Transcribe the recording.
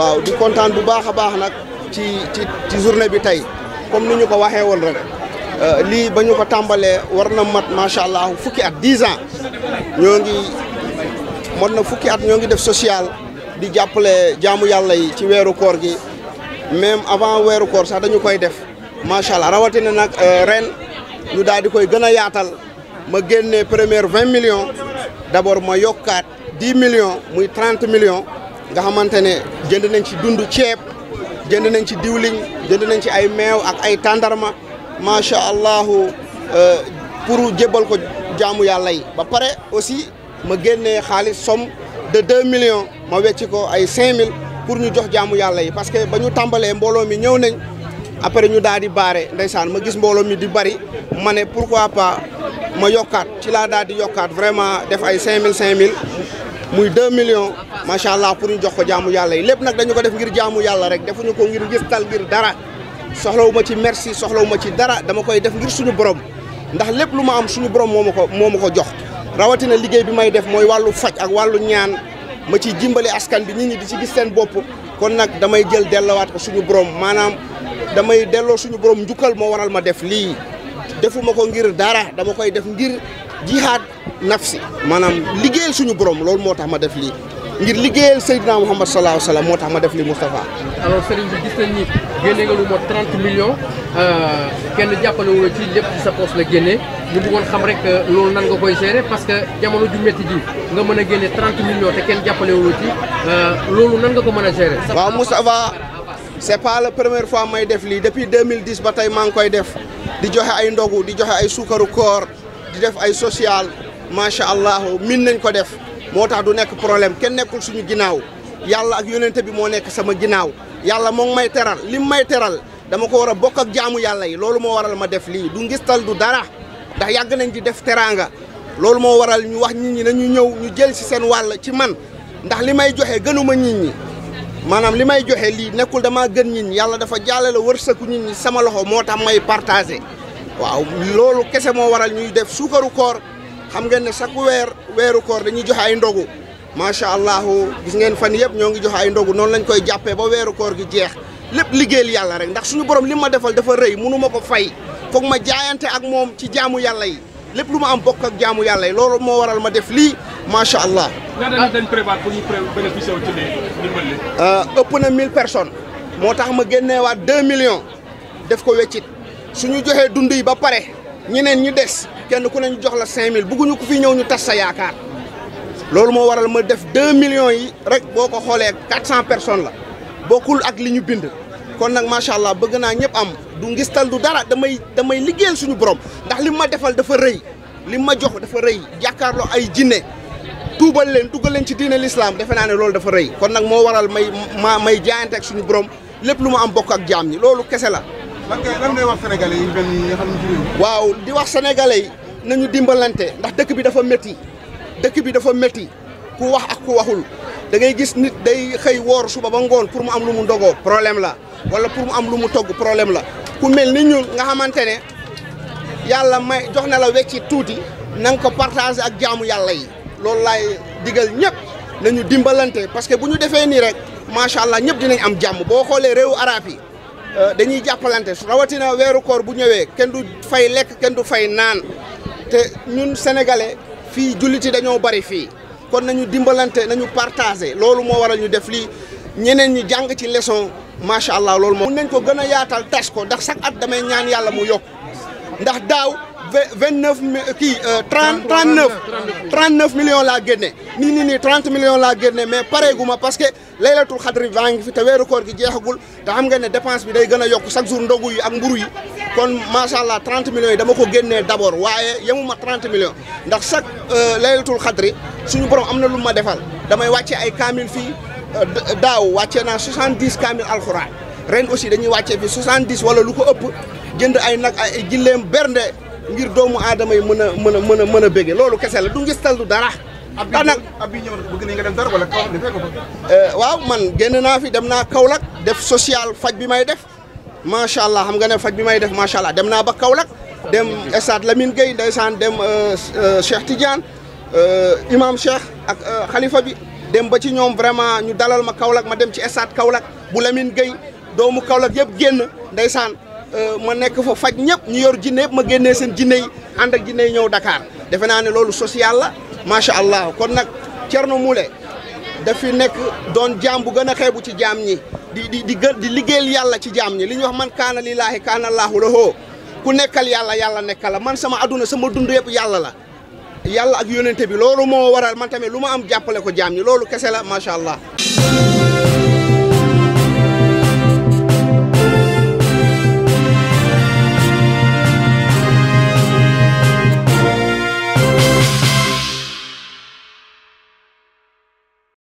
waaw di kontaan bu baax a baax nag ci ci ci journée bi tey comme ni ñu ko waxee woon rek euh, lii ba ñu ko tàmbalee war na mat macha allah fukki at dix ans ñoo ngi mot na fukki at ñoo ngi def social di jàppale jaamu yàlla yi ci weeru koor gi même avant weeru koor sax dañu koy def macha allah rawatina nag euh, ren ñu daal di koy gën a yaatal ma génnee première vingt millions d'abord ma yokkaat dix million muy trente million nga xamante ne jënd nañ ci dund ceeb jënd nañ ci diwliñ jënd nañ ci ay meew ak ay tàndarma macha allah euh, pour jébbal ko jaamu yàlla yi ba pare aussi ma génnee xaalis somme de deux millions ma wecci ko ay cinq mille pour ñu jox jaamu yàlla yi parce que ba ñu tàmbalee mbooloo mi ñëw nañ après ñu daal di baare ndeysaan ma gis mbooloo mi di bari ma ne pourquoi pa ma yokkaat ci laa daal di yokkaat vraiment def ay cinq mille cinq mille muy 2 millions macha allah pour ñu jox ko jaamu yàlla yi lépp nag dañu ko def ngir jaamu yàlla rek defuñu ko ngir ngistal ngir dara soxlawu ma ci merci soxlawu ma ci dara dama koy def suñu borom ndax lépp lu ma am suñu borom moo ko moo ma jox. rawatina liggéey bi may def mooy wàllu faj ak wàllu ñaan ma ciy jimbali askan bi nit di ci gis seen bopp kon nag damay jël dellowaat ko suñu borom maanaam damay delloo suñu borom njukkal moo waral ma def lii. defuma ko ngir dara dama koy def ngir jihaat nafsi maanaam liggéeyal suñu borom loolu moo tax ma def lii ngir liggéeyal Seydina Muhammad salaahu salaam moo tax ma def lii Moustapha. alors sëriñ bi gis nañ ni génne nga lu mot 30 millions euh, kenn jàppale wu ci lépp ci sa poche la génne ñu bëggoon xam rek euh, loolu nan nga koy gérer parce que jamono ju métti ji nga mën a génne 30 millions te kenn jàppale wu ci euh, loolu nan nga ko mën a gérer. waaw Moustapha c'est pas la première fois may def lii depuis 2010 ba tey maa koy def di joxe ay ndogu di joxe ay suukaru koor di def ay social. macha allah min nañ ko def moo tax du nekk problème kenn nekkul suñu ginnaaw yàlla ak yónente bi moo nekk sama ginaaw yàlla moo may teral li mu may teral dama ko war a bokk ak jaamu yàlla yi loolu moo waral ma def lii du ngistal du dara ndax yàgg nañ di def teraanga loolu moo waral ñu wax nit ñi nañu ñëw ñu jël si seen wàll ci man ndax li may joxe gënuma nit ñi maanaam li may joxe lii nekkul dama gën nit ñi yàlla dafa jàllale wërsëgu nit ñi sama loxo moo tax may partagé waaw loolu kese moo waral ñuy def suukaru koor xam ngeen ne chaque weer weeru koor dañuy joxe ay ndogu macha allah gis ngeen fan yëpp ñoo ngi joxe ay ndogu noonu lañ koy jàppee ba weeru koor gi jeex lépp liggéeyal yàlla rek ndax suñu borom li ma defal dafa rëy mënu ko fay foog ma jaayante ak moom ci jaamu yàlla yi lépp lu ma am bokk ak jaamu yàlla yi loolu moo waral ma def lii macha allah. ñaata pour ñu bénéficier euh, na 1000 personnes moo tax ma génneewaat 2 millions def ko weccit suñu joxee dund yi ba pare ñeneen ñu des. kenn ku ne ñu jox la 5000 bëgguñu ku fi ñëw ñu tas sa yaakaar loolu moo waral ma def 2 millions yi rek boo ko xoolee 400 personnes la bokkul ak li ñu bind. kon nag macha allah bëgg naa ñëpp am du ngis ngistal du dara damay damay liggéeyal suñu borom ndax li ma defal dafa rëy li ma jox dafa rëy jàkkaarloo ay jinne tuubal leen duggal leen ci diine lislaam defe naa ne loolu dafa rëy kon nag moo waral may ma may jaayante ak suñu borom lépp lu ma am bokk ak jaam ñi loolu kese la. lan ngay lan nañu dimbalante ndax dëkk bi dafa métti dëkk bi dafa métti ku wax ak ku waxul da ngay gis nit day xëy woor suba ba ngoon pour mu am lu mu ndogoo problème la wala pour mu am lu mu togg problème la ku mel ni ñu nga xamante ne yàlla may jox na la wecci tuuti na nga ko partager ak jaamu yàlla yi loolu laay digal ñëpp nañu dimbalante parce que bu ñu defee nii rek macha allah ñëpp dinañ am jàmm boo xoolee réewu arab yi euh, dañuy jàppalante rawatina weeru koor bu ñëwee kenn du fay lekk kenn du fay naan te ñun sénégalais fii jullit yi dañoo bari fii kon nañu dimbalante nañu partager loolu moo waral ñu def lii ñeneen ñu jàng ci leçon macha allah loolu moo. mun nañ ko gën a yaatal tas ko ndax chaque at damay ñaan yàlla mu yokk ndax daaw. vingt neuf euh, kii euh, trente trente neuf trente neuf millions laa génne nii nii nii trente millions laa génne mais pareeguma parce que laylatul xadri baa ngi fi te weeru koor gi jeexagul te xam nga ne dépense bi day gën a yokk chaque jour ndogu yi ak mburu yi kon macha allah trente millions yi dama ko génnee d' waaye yamuma trente millions ndax chaque euh, laylatul xadri suñu borom am na lu ma defal damay wàcce ay kaamil fii daaw wàccee naa soixante dix kaamil alxuraan ren aussi dañuy wàccee fii soixante dix wala lu ko ëpp jënd ay nag ay gilleem ngir doomu aadama yi mën a mën a mën a mën a bége loolu kese la du ngistal du dara. daanaka ab ñëw bëgg nañ nga dem dara wala Kaolack defee eh, waaw man génn naa fi dem naa Kaolack def social faj bi may def macha allah xam nga ne faj bi may def macha allah dem naa ba Kaolack. dem Estade Lamine Gueye ndeysaan dem eh, eh, Cheikh Tidiane imam Cheikh ak xalifa bi dem ba ci ñoom vraiment ñu dalal ma Kaolack ma dem ci Estade Kaolack bu Lamine Gueye doomu Kaolack yëpp génn ndeysaan. Euh, ma nekk fa faj ñëpp ñu yor jinne yëpp ma génnee seen jinne yi ànd ak jinne ñëw Dakar defe naa ne loolu social la macha allah kon nag mu Moule dafi nekk doon jaam bu gën a xeebu ci jaam ñi di di di gën di liggéeyal yàlla ci jaam ñi li ñuy wax man kaana lillaahi kaana laahu lahu ku nekkal yàlla yàlla nekkal la man sama aduna sama dund yëpp yàlla la yàlla ak yónente bi loolu moo waral man tamit lu ma am jàppale ko jaam ñi loolu kese la macha allah